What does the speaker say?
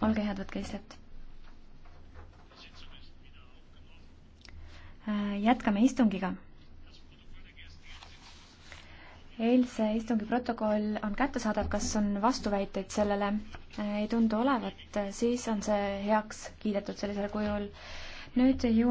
olge head, võtke istet. jätkame istungiga. eilse istungi protokoll on kättesaadav, kas on vastuväiteid sellele? Äh, ei tundu olevat, äh, siis on see heaks kiidetud sellisel kujul. nüüd jõuame